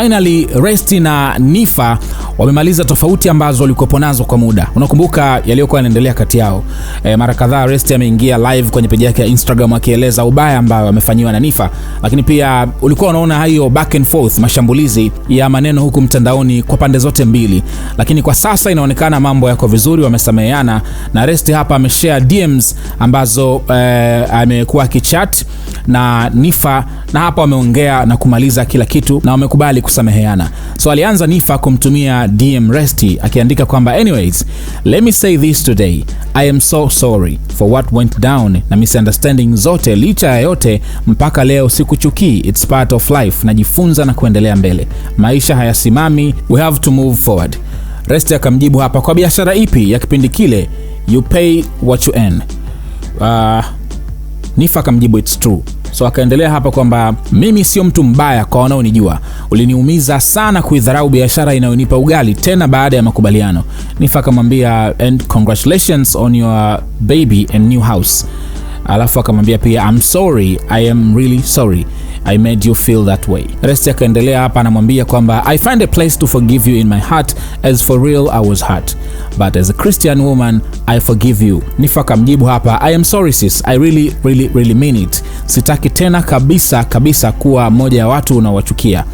Finally Resti na Nifa wamemaliza tofauti ambazo walikuwepo nazo kwa muda. Unakumbuka yaliyokuwa yanaendelea kati yao. E, mara kadhaa Resti ameingia live kwenye peji yake ya Instagram akieleza ubaya ambao amefanyiwa na Nifa, lakini pia ulikuwa unaona hiyo back and forth, mashambulizi ya maneno huku mtandaoni kwa pande zote mbili, lakini kwa sasa inaonekana mambo yako vizuri, wamesameheana na Resti hapa ameshare DMs ambazo e, amekuwa akichat na Nifa, na hapa wameongea na kumaliza kila kitu na wamekubali kusameheana. So alianza Nifa kumtumia DM Resti akiandika kwamba anyways, let me say this today I am so sorry for what went down na misunderstanding zote, licha ya yote, mpaka leo sikuchukii, it's part of life, najifunza na kuendelea mbele, maisha hayasimami, we have to move forward. Resti akamjibu hapa, kwa biashara ipi ya kipindi kile? You pay what you earn. Uh, Nifa akamjibu it's true So akaendelea hapa kwamba mimi sio mtu mbaya kwa wanaonijua, uliniumiza sana kuidharau biashara inayonipa ugali tena baada ya makubaliano. Nifa akamwambia and congratulations on your baby and new house alafu akamwambia pia I'm sorry, I am really sorry I made you feel that way. Rest akaendelea hapa, anamwambia kwamba I find a place to forgive you in my heart as for real I was hurt but as a Christian woman I forgive you. Nifa akamjibu hapa I am sorry sis, I really really really mean it. Sitaki tena kabisa kabisa kuwa moja ya watu unaowachukia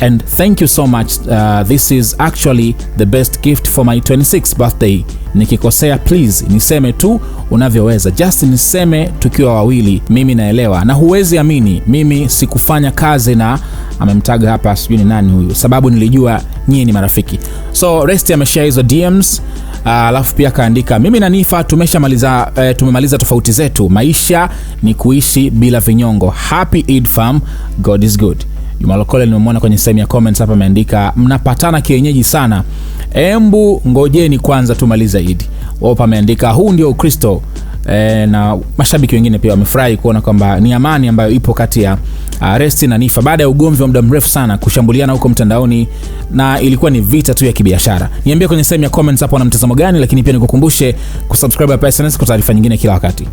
and thank you so much uh, this is actually the best gift for my 26th birthday. Nikikosea please niseme tu unavyoweza, just niseme tukiwa wawili, mimi naelewa na huwezi amini, mimi sikufanya kazi na amemtaga hapa, sijui ni nani huyu, sababu nilijua nyie ni marafiki. So rest ameshare hizo DMs uh, alafu uh, pia akaandika mimi na Nifa tumeshamaliza, uh, tumemaliza tofauti zetu, maisha ni kuishi bila vinyongo. Happy Eid fam, God is good. Juma Lokole nimemwona kwenye sehemu ya comments hapa ameandika mnapatana kienyeji sana, embu ngojeni kwanza tumalize Idi. Wao ameandika huu ndio Ukristo. E, na mashabiki wengine pia wamefurahi kuona kwamba ni amani ambayo ipo kati ya uh, Resti na Nifa baada ya ugomvi wa muda mrefu sana kushambuliana huko mtandaoni, na ilikuwa ni vita tu ya kibiashara. Niambie kwenye sehemu ya comments hapo na mtazamo gani, lakini pia nikukumbushe kusubscribe hapa SnS kwa taarifa nyingine kila wakati.